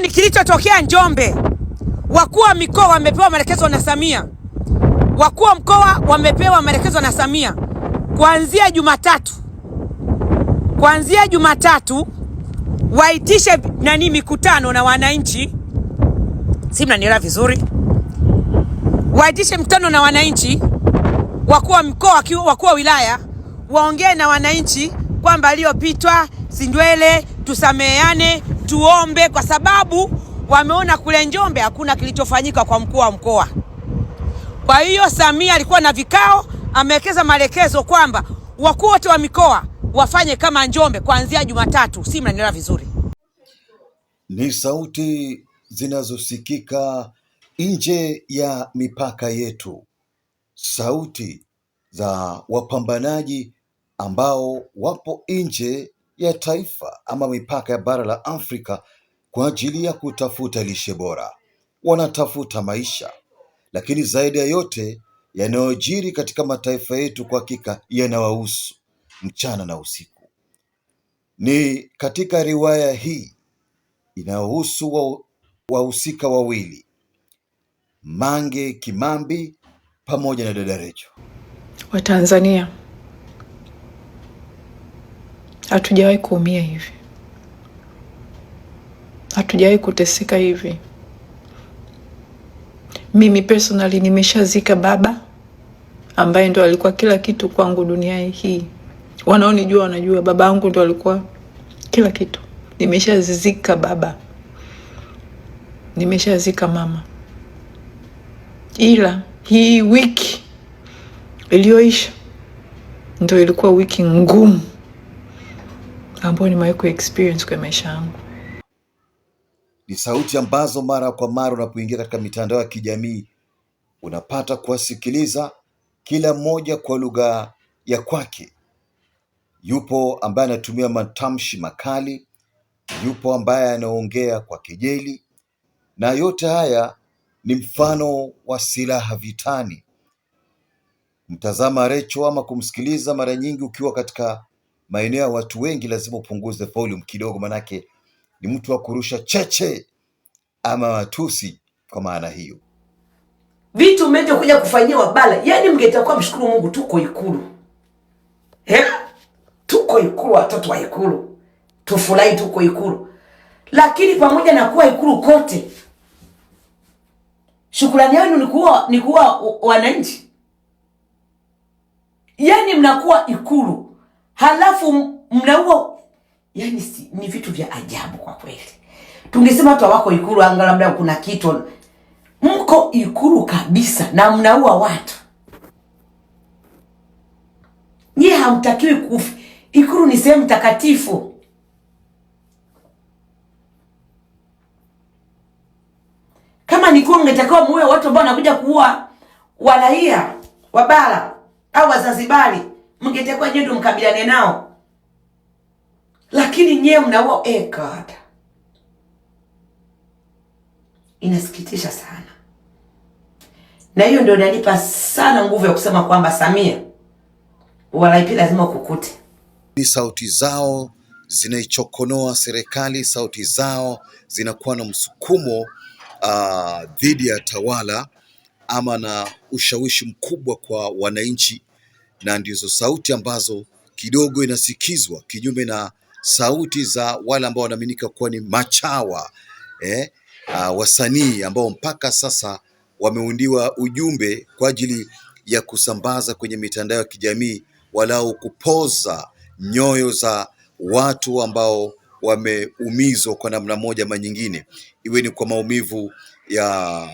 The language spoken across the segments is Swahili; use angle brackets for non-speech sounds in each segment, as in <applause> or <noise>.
ni kilichotokea Njombe. Wakuu wa mikoa wamepewa maelekezo na Samia, wakuu wa mkoa wamepewa maelekezo na Samia kuanzia Jumatatu, kuanzia Jumatatu waitishe nani mikutano na wananchi, si mnanielewa vizuri? Waitishe mkutano na wananchi, wakuu wa mkoa, wakuu wa wilaya waongee na wananchi kwamba aliyopitwa sindwele tusameane tusameheane tuombe, kwa sababu wameona kule Njombe hakuna kilichofanyika kwa mkuu wa mkoa. Kwa hiyo Samia alikuwa na vikao, amewekeza maelekezo kwamba wakuu wote wa mikoa wafanye kama Njombe kuanzia Jumatatu. Si mnanielewa vizuri? Ni sauti zinazosikika nje ya mipaka yetu, sauti za wapambanaji ambao wapo nje ya taifa ama mipaka ya bara la Afrika kwa ajili ya kutafuta lishe bora. Wanatafuta maisha, lakini zaidi ya yote yanayojiri katika mataifa yetu kwa hakika yanawahusu mchana na usiku. Ni katika riwaya hii inayohusu wahusika wa wawili Mange Kimambi pamoja na dada Rejo wa Tanzania. Hatujawahi kuumia hivi, hatujawahi kuteseka hivi. Mimi personally nimeshazika baba ambaye ndo alikuwa kila kitu kwangu dunia hii. Wanaonijua wanajua baba yangu ndo alikuwa kila kitu. Nimeshazika baba, nimeshazika mama, ila hii wiki iliyoisha ndo ilikuwa wiki ngumu ambayo nimewahi kuexperience kwa maisha yangu. Ni sauti ambazo mara kwa mara unapoingia katika mitandao ya kijamii unapata kuwasikiliza kila mmoja kwa lugha ya kwake. Yupo ambaye anatumia matamshi makali, yupo ambaye anaongea kwa kejeli, na yote haya ni mfano wa silaha vitani. Mtazama Recho ama kumsikiliza mara nyingi ukiwa katika maeneo ya watu wengi lazima upunguze volume kidogo, manake ni mtu wa kurusha cheche ama matusi. Kwa maana hiyo vitu mmeje kuja kufanyia Wabala, yani mngetakuwa mshukuru Mungu tuko Ikulu He? tuko Ikulu, watoto wa Ikulu tufurahi, tuko Ikulu. Lakini pamoja na kuwa Ikulu kote, shukrani yenu ni kuwa ni kuwa wananchi, yani mnakuwa Ikulu halafu mnaua. Yani si, ni vitu vya ajabu kwa kweli. Tungesema watu wako Ikulu anga labda kuna kitu, mko Ikulu kabisa na mnaua watu. Nyie hamtakiwi kufi, Ikulu ni sehemu takatifu. Kama nikuwa mngetakiwa muue watu ambao wanakuja kuua waraia wabara au Wazanzibari mngetakuwa nyewe ndo mkabiliane nao, lakini nyewe mnao eh, God. Inasikitisha sana, na hiyo ndio inanipa sana nguvu ya kusema kwamba Samia, walaipi lazima ukukute. Ni sauti zao zinaichokonoa serikali, sauti zao zinakuwa na msukumo ah, dhidi uh, ya tawala ama na ushawishi mkubwa kwa wananchi na ndizo sauti ambazo kidogo inasikizwa kinyume na sauti za wale ambao wanaaminika kuwa ni machawa eh, uh, wasanii ambao mpaka sasa wameundiwa ujumbe kwa ajili ya kusambaza kwenye mitandao ya kijamii, walau kupoza nyoyo za watu ambao wameumizwa kwa namna moja ama nyingine, iwe ni kwa maumivu ya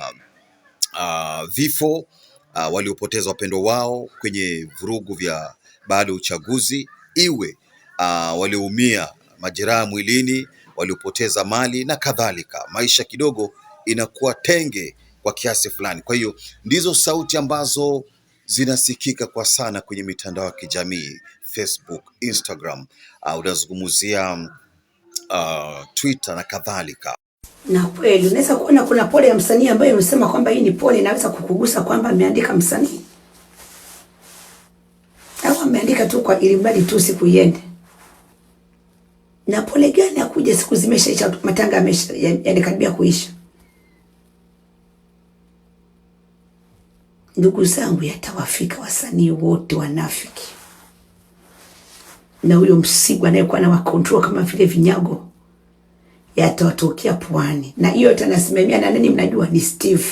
uh, vifo uh, waliopoteza wapendo wao kwenye vurugu vya baada ya uchaguzi, iwe uh, walioumia majeraha mwilini, waliopoteza mali na kadhalika. Maisha kidogo inakuwa tenge kwa kiasi fulani. Kwa hiyo ndizo sauti ambazo zinasikika kwa sana kwenye mitandao ya kijamii Facebook, Instagram, uh, unazungumzia uh, Twitter na kadhalika. Na kweli unaweza kuona kuna pole ya msanii ambayo unasema kwamba hii ni pole, inaweza kukugusa kwamba ameandika msanii au ameandika tu kwa ili mradi tu siku iende. Na pole gani akuja, siku zimeshaisha, matanga yamekaribia kuisha. Ndugu zangu, yatawafika wasanii wote wanafiki, na huyo Msigwa anayekuwa na wakontrol kama vile vinyago yatawatokea pwani, na hiyo yote anasimamia na nani? Mnajua ni Steve.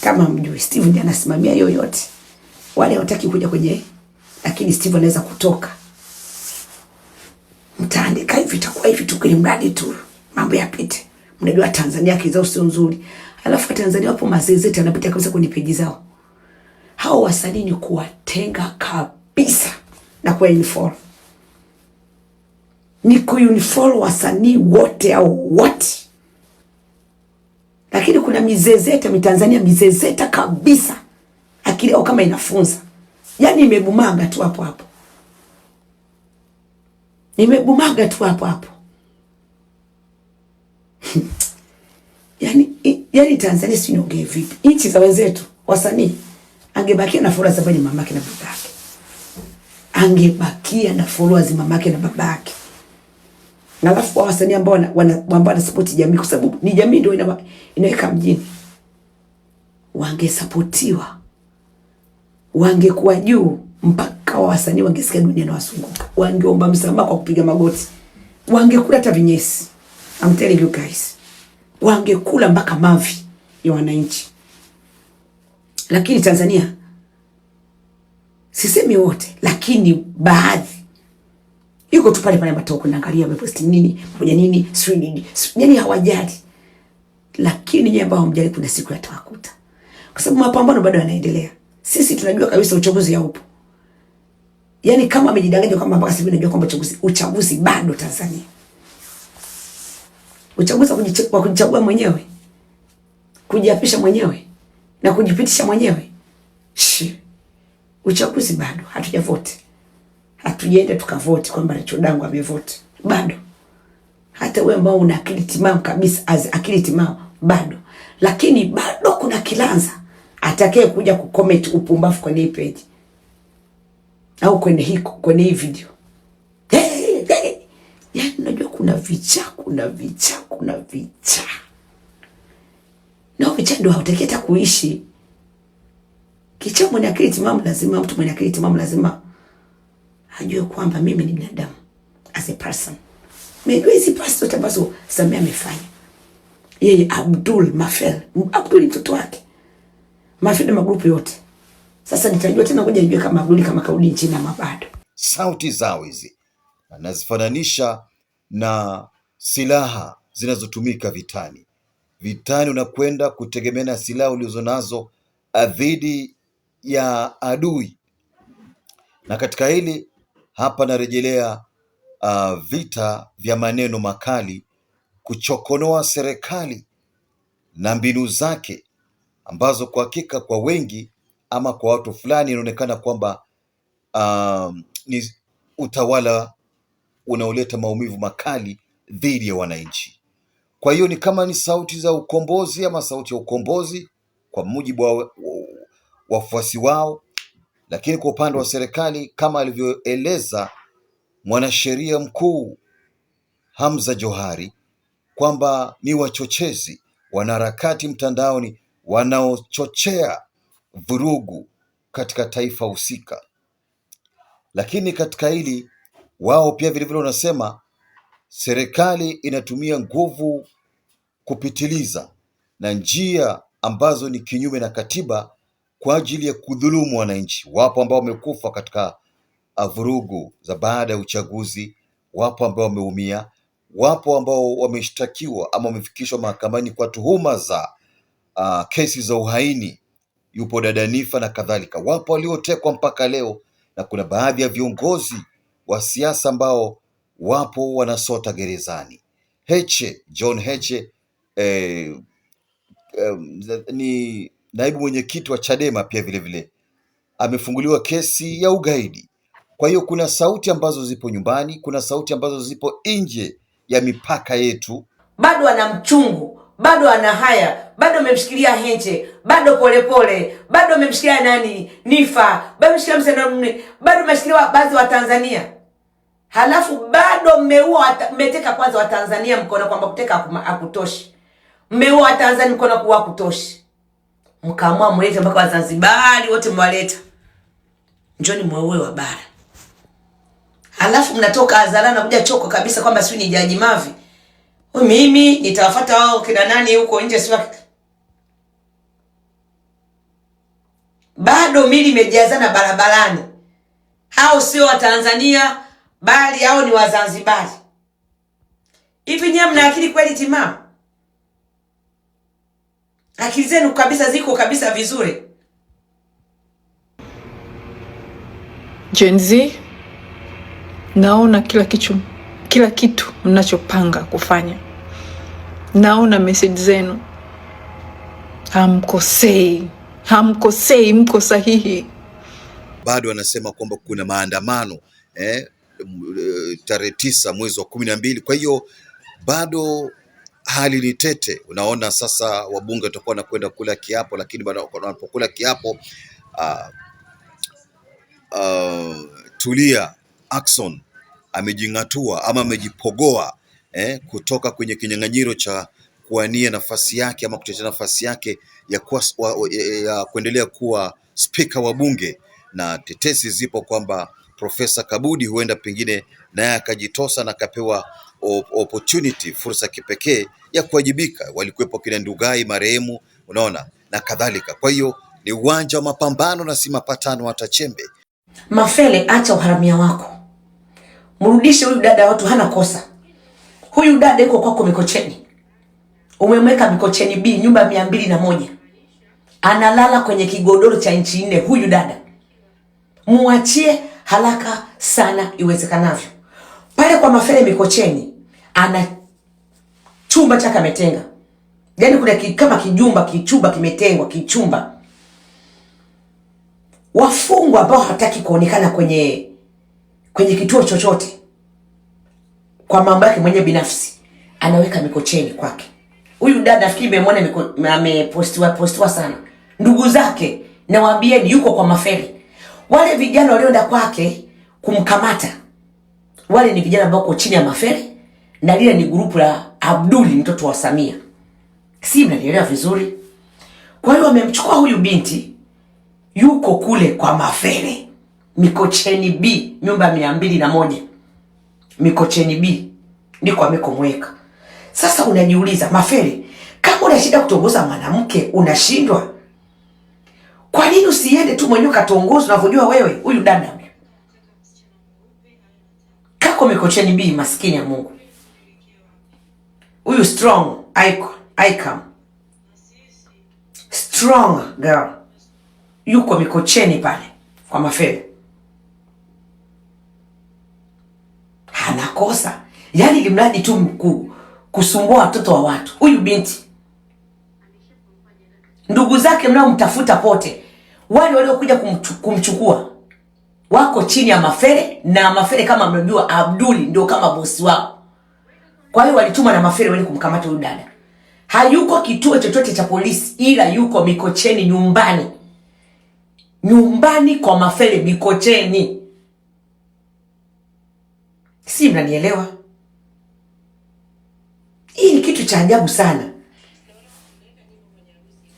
Kama mjui, Steve ndiye anasimamia hiyo yote. wale hawataki kuja kwenye, lakini Steve anaweza kutoka. Mtaandika hivi, itakuwa hivi tu, ili mradi tu mambo yapite. Mnajua Tanzania kizao sio nzuri, alafu Tanzania wapo mazezeti, anapita kabisa kwenye peji zao. Hao wasanii ni kuwatenga kabisa na kuwa inform ni kuunifolo wasanii wote au wote, lakini kuna mizezeta Mitanzania, mizezeta kabisa, akili yao kama inafunza, yani imebumanga tu hapo hapo, imebumanga tu hapo hapo <laughs> yani, yani Tanzania si niongee vipi? Nchi za wenzetu wasanii angebakia na followers za mamake na babake, angebakia na followers mamake na babake na alafu wa wasanii ambao wana ambao wanasapoti jamii kwa sababu ni jamii ndio ina, inaweka mjini, wangesapotiwa wangekuwa juu, mpaka wa wasanii wangesikia dunia na wasunguka, wangeomba msamaha kwa kupiga magoti, wangekula hata vinyesi. I'm telling you guys, wangekula mpaka mavi ya wananchi. Lakini Tanzania sisemi wote, lakini baadhi Yuko tu pale pale matoko naangalia ameposti nini, pamoja nini, sio nini. Yaani hawajali. Lakini yeye ambao hamjali kuna siku yatawakuta. Kwa sababu mapambano bado yanaendelea. Sisi tunajua kabisa uchaguzi haupo. Yaani kama amejidanganya kama mpaka sasa najua kwamba uchaguzi uchaguzi bado Tanzania. Uchaguzi wa kujichagua mwenyewe. Kujiapisha mwenyewe na kujipitisha mwenyewe. Shi. Uchaguzi bado hatujavote hatujaenda tukavoti kwamba Rachel Dangu amevoti bado, hata wewe ambao una akili timamu kabisa, az akili timamu bado, lakini bado kuna kilanza atakaye kuja kucomment upumbavu kwenye hii page au kwenye hiko kwenye hii video. Hey, hey. Yani, najua kuna vicha kuna vicha kuna vicha na vicha ndio hautaki hata kuishi. Kichaa mwenye akili timamu lazima, mtu mwenye akili timamu lazima ajue kwamba mimi ni binadamu as a person. Mimi si pastor tabazo Samia amefanya yeye, Abdul Mafel, Abdul mtoto wake Mafel na magrupu yote. Sasa nitajua tena, ngoja nijue kama Abdul kama kaudi nchini ama bado. Sauti zao hizi anazifananisha na silaha zinazotumika vitani. Vitani unakwenda kutegemea na silaha ulizo nazo eh, dhidi ya adui, na katika hili hapa narejelea uh, vita vya maneno makali kuchokonoa serikali na mbinu zake ambazo kwa hakika kwa wengi ama kwa watu fulani inaonekana kwamba uh, ni utawala unaoleta maumivu makali dhidi ya wananchi. Kwa hiyo ni kama ni sauti za ukombozi ama sauti ya ukombozi kwa mujibu wa wafuasi wao lakini kwa upande wa serikali kama alivyoeleza mwanasheria mkuu Hamza Johari kwamba ni wachochezi, wanaharakati mtandaoni wanaochochea vurugu katika taifa husika. Lakini katika hili wao pia vilevile wanasema serikali inatumia nguvu kupitiliza na njia ambazo ni kinyume na katiba kwa ajili ya kudhulumu wananchi. Wapo ambao wamekufa katika ah, vurugu za baada ya uchaguzi, wapo ambao wameumia, wapo ambao wameshtakiwa ama wamefikishwa mahakamani kwa tuhuma za uh, kesi za uhaini, yupo dada Nifa na kadhalika, wapo waliotekwa mpaka leo, na kuna baadhi ya viongozi wa siasa ambao wapo wanasota gerezani. Heche John Heche eh, eh, ni naibu mwenyekiti wa Chadema pia vilevile amefunguliwa kesi ya ugaidi. Kwa hiyo kuna sauti ambazo zipo nyumbani, kuna sauti ambazo zipo nje ya mipaka yetu. Bado ana mchungu, bado ana haya, bado amemshikilia Heche, bado Polepole, bado amemshikilia nani Nifa, bado ameshikilia baadhi wa Tanzania, halafu bado mmeua, mmeteka kwanza Watanzania mkono kwamba kuteka akutoshi, mmeua Tanzania mkono kuwa hakutoshi mkaamua mlete mpaka Wazanzibari wote mwaleta, njoni mwaue wa bara, alafu mnatoka hadharani kuja choko kabisa kwamba si ni Jaji Mavi, mimi nitawafuata wao kina nani huko nje, si bado mili imejazana barabarani. Hao sio Watanzania bali hao ni Wazanzibari. Hivi nyewe mna akili kweli timamu? akili zenu kabisa ziko kabisa vizuri. Gen Z, naona kila kitu, kila kitu mnachopanga kufanya, naona message zenu, hamkosei, hamkosei, mko sahihi. Bado anasema kwamba kuna maandamano eh, eh, tarehe tisa mwezi wa kumi na mbili. Kwa hiyo bado hali ni tete. Unaona sasa wabunge watakuwa wanakwenda kula kiapo, lakini wanapokula kiapo uh, uh, Tulia Ackson amejing'atua ama amejipogoa eh, kutoka kwenye kinyang'anyiro cha kuania nafasi yake ama kutetea nafasi yake ya, kuwa, ya kuendelea kuwa spika wa bunge, na tetesi zipo kwamba Profesa Kabudi huenda pengine naye akajitosa na akapewa opportunity, fursa kipekee ya kuwajibika. Walikuwepo kina Ndugai marehemu, unaona na kadhalika. Kwa hiyo ni uwanja wa mapambano na si mapatano hata chembe. Mafele, acha uharamia wako, mrudishe huyu dada. Watu hana kosa, huyu dada yuko kwako Mikocheni, umemweka Mikocheni B nyumba mia mbili na moja analala kwenye kigodoro cha nchi nne. Huyu dada muachie haraka sana iwezekanavyo. Pale kwa Mafele Mikocheni ana chumba chake ametenga, yaani kuna kama kijumba kichumba kimetengwa kichumba. Wafungwa ambao hataki kuonekana kwenye kwenye kituo chochote kwa mambo yake mwenye binafsi, anaweka Mikocheni kwake. Huyu dada nafikiri nimemwona amepostiwa postiwa sana, ndugu zake nawaambieni, yuko kwa maferi. Wale vijana walioenda kwake kumkamata wale ni vijana ambao wako chini ya maferi na lile ni grupu la Abduli mtoto wa Samia, si mnanielewa vizuri? Kwa hiyo wamemchukua huyu binti, yuko kule kwa Mafere Mikocheni B nyumba mia mbili na moja Mikocheni B ndiko amekomweka. Sasa unajiuliza Mafere, kama una shida kutongoza mwanamke unashindwa, kwa nini usiende tu mwenyewe katongoza? Unavyojua wewe huyu dada kako Mikocheni B, maskini ya Mungu huyu strong icon strong girl yuko Mikocheni pale kwa Mafele anakosa yaani, limradi tu mkuu kusumbua watoto wa watu. Huyu binti ndugu zake mnaomtafuta pote, wale waliokuja kumchukua wako chini ya mafere na mafere kama mnajua, Abduli ndio kama bosi wao. Kwa hiyo walituma na mafere waende kumkamata huyu dada. Hayuko kituo chochote cha polisi, ila yuko Mikocheni nyumbani, nyumbani kwa mafere Mikocheni. Si mnanielewa? Hii ni kitu cha ajabu sana.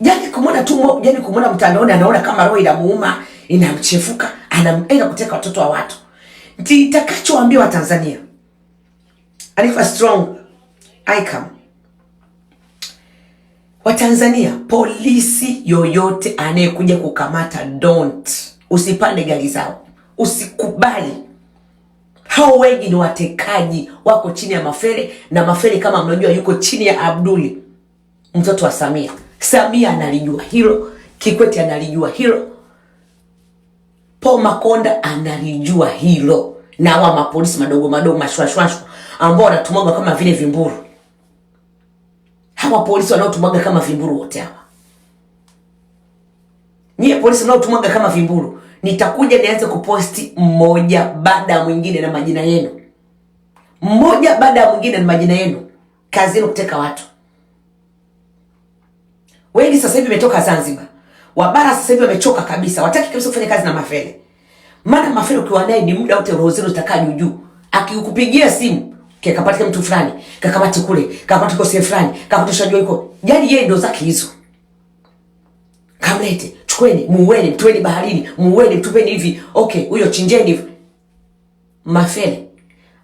Jani kumwona tu, jani kumwona mtandaoni, anaona kama roho inamuuma, inamchefuka, anaenda kuteka watoto wa watu. Nitakachowaambia Watanzania a strong ICAM. Watanzania, polisi yoyote anayekuja kukamata don't, usipande gari zao, usikubali. Hao wengi ni watekaji, wako chini ya Mafere na Mafere kama mnajua, yuko chini ya Abduli mtoto wa Samia. Samia analijua hilo, Kikwete analijua hilo, Paul Makonda analijua hilo, na wa mapolisi madogo madogo mashwashwashwa ambao wanatumwaga kama vile vimburu. Hawa polisi wanaotumwaga kama vimburu wote hawa, nyie polisi mnaotumwaga kama vimburu, nitakuja nianze kuposti mmoja baada ya mwingine na majina yenu, mmoja baada ya mwingine na majina yenu. Kazi yenu kuteka watu wengi. Sasa hivi umetoka Zanzibar, wabara sasa hivi wamechoka kabisa, wataki kabisa kufanya kazi na mafele maana mafele ukiwa naye ni muda wote roho zenu zitakaa juu juu. Akikupigia simu kakapatika mtu fulani, kakamati kule, kakapati kwa sehemu fulani, kakapati shajua yuko. Yaani yeye ndo zake hizo. Kamlete, chukweni, muweni, mtuweni baharini, muweni, mtupeni hivi. Okay, huyo chinjeni hivi. Mafele.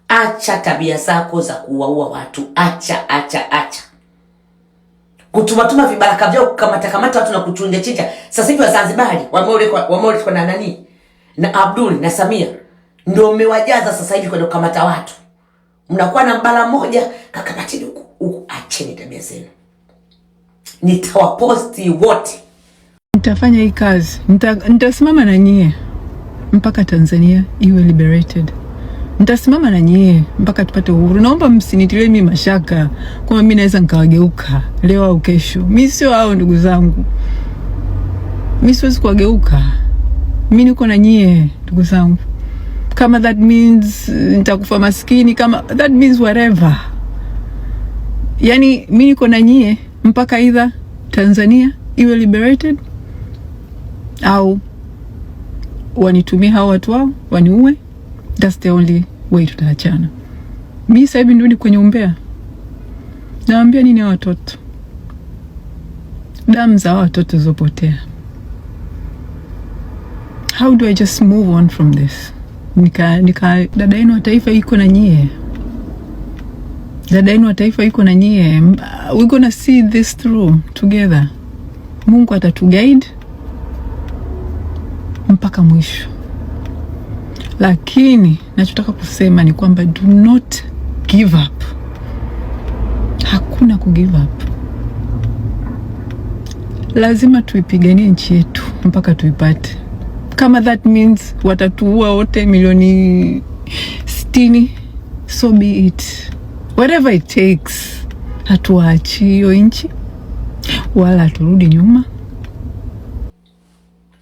Acha tabia zako za kuwaua watu. Acha, acha, acha. Kutumatuma vibaraka vyao kukamata kamata watu na kuchunja chinja. Sasa hivi Wazanzibari wameolewa na nani? Na Abdul na Samia ndio mmewajaza sasa hivi kwenye kukamata watu mnakuwa na mbala moja, kakamateni huku huku, acheni tabia zenu. Nitawaposti wote, nitafanya hii kazi, nitasimama na nyie mpaka Tanzania iwe liberated. Nitasimama na nyie mpaka tupate uhuru. Naomba msinitilie mimi mashaka kwamba mimi naweza nikawageuka leo au kesho. Mi sio hao ndugu zangu, mi siwezi kuwageuka. Mi niko na nyie ndugu zangu kama that means eh, nitakufa maskini, kama that means whatever. Yani mi niko na nyie mpaka either Tanzania iwe liberated au wanitumia hao watu wao waniue. That's the only way tutaachana. Mi sasa hivi ndio kwenye umbea, nawaambia nini hao watoto? Damu za hao watoto zopotea. How do I just move on from this? nika, nika dada yenu wa taifa iko na nyie, dada yenu wa taifa iko na nyie. Uh, we gonna see this through together. Mungu atatuguide mpaka mwisho, lakini nachotaka kusema ni kwamba do not give up. Hakuna ku give up, lazima tuipiganie nchi yetu mpaka tuipate kama that means watatuua wote milioni sitini, so be it, whatever it takes. Hatuwaachi hiyo nchi wala haturudi nyuma.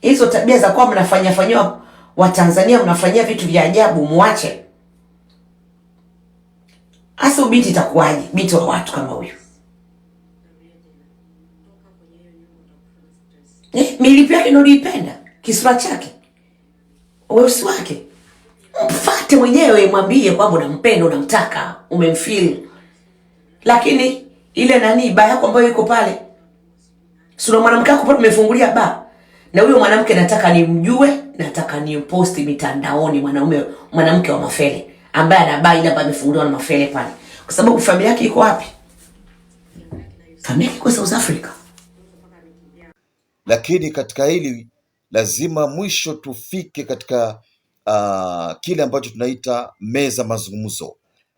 Hizo tabia za kuwa mnafanya fanyiwa Watanzania, mnafanyia vitu vya ajabu, muache hasa. Ubinti itakuwaje? Binti wa watu kama huyu eh, milipi yake ndio kisura chake, weusi wake, mfate mwenyewe, mwambie kwamba unampenda, unamtaka, umemfeel. Lakini ile nani ba yako ambayo iko pale, si una mwanamke wako pale, umefungulia ba na huyo mwanamke nataka nimjue, nataka nimposti mitandaoni, mwanaume mwanamke wa mafele ambaye ana ba ile ambayo amefunguliwa na mafele pale, kwa sababu familia yake iko wapi? Familia iko South Africa. Lakini katika hili lazima mwisho tufike katika uh, kile ambacho tunaita meza mazungumzo.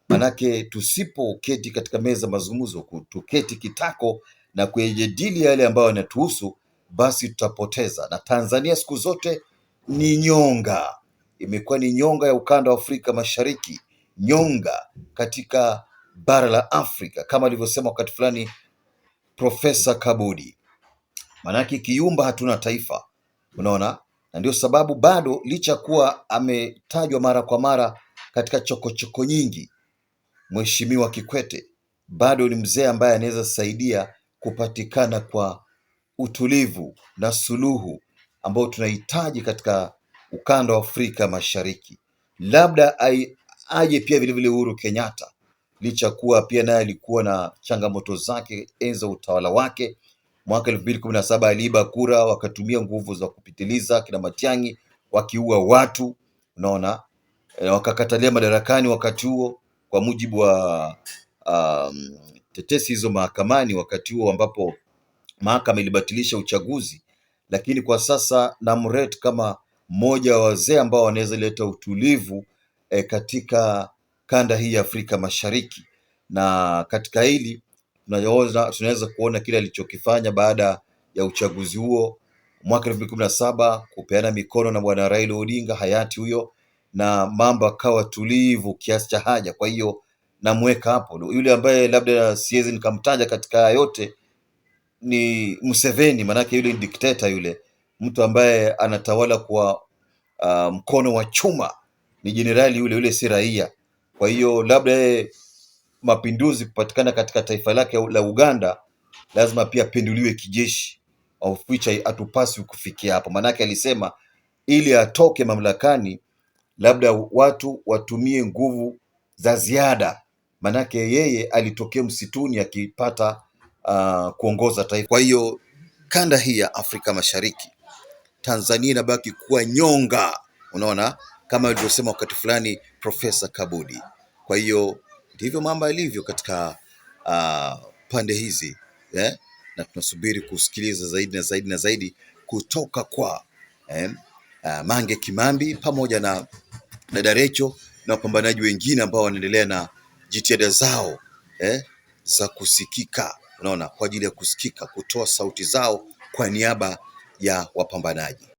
Manake tusipoketi katika meza mazungumzo, tuketi kitako na kuyajadili yale ambayo yanatuhusu, basi tutapoteza. Na Tanzania siku zote ni nyonga, imekuwa ni nyonga ya ukanda wa Afrika Mashariki, nyonga katika bara la Afrika, kama alivyosema wakati fulani Profesa Kabudi, manake kiumba hatuna taifa Unaona, na ndio sababu bado licha kuwa ametajwa mara kwa mara katika chokochoko choko nyingi, Mheshimiwa Kikwete bado ni mzee ambaye anaweza saidia kupatikana kwa utulivu na suluhu ambayo tunahitaji katika ukanda wa Afrika Mashariki. Labda ai, aje pia vilevile Uhuru Kenyatta licha kuwa pia naye alikuwa na changamoto zake enza za utawala wake, Mwaka elfu mbili kumi na saba aliiba kura, wakatumia nguvu za kupitiliza kina Matiang'i, wakiua watu, unaona e, wakakatalia madarakani wakati huo, kwa mujibu wa um, tetesi hizo mahakamani, wakati huo ambapo mahakama ilibatilisha uchaguzi. Lakini kwa sasa Namret kama mmoja wa wazee ambao wanaweza leta utulivu e, katika kanda hii ya Afrika Mashariki na katika hili tunaweza, tunaweza kuona kile alichokifanya baada ya uchaguzi huo mwaka elfu mbili kumi na saba kupeana mikono na bwana Raila Odinga hayati huyo, na mambo akawa tulivu kiasi cha haja. Kwa hiyo namweka hapo yule ambaye labda siwezi nikamtaja katika haya yote ni Museveni, maanake yule ni dikteta, yule mtu ambaye anatawala kwa uh, mkono wa chuma, ni jenerali yule, yule si raia. Kwa hiyo labda yeye mapinduzi kupatikana katika taifa lake la Uganda, lazima pia apinduliwe kijeshi, of which hatupaswi kufikia hapo. Maanake alisema ili atoke mamlakani, labda watu watumie nguvu za ziada, maanake yeye alitokea msituni akipata uh, kuongoza taifa. Kwa hiyo kanda hii ya Afrika Mashariki, Tanzania inabaki kuwa nyonga, unaona kama alivyosema wakati fulani Profesa Kabudi. Kwa hiyo Ndivyo mambo yalivyo katika uh, pande hizi eh? na tunasubiri kusikiliza zaidi na zaidi na zaidi kutoka kwa eh? uh, Mange Kimambi pamoja na dada Recho na wapambanaji wengine ambao wanaendelea na jitihada zao eh? za kusikika, unaona, kwa ajili ya kusikika, kutoa sauti zao kwa niaba ya wapambanaji.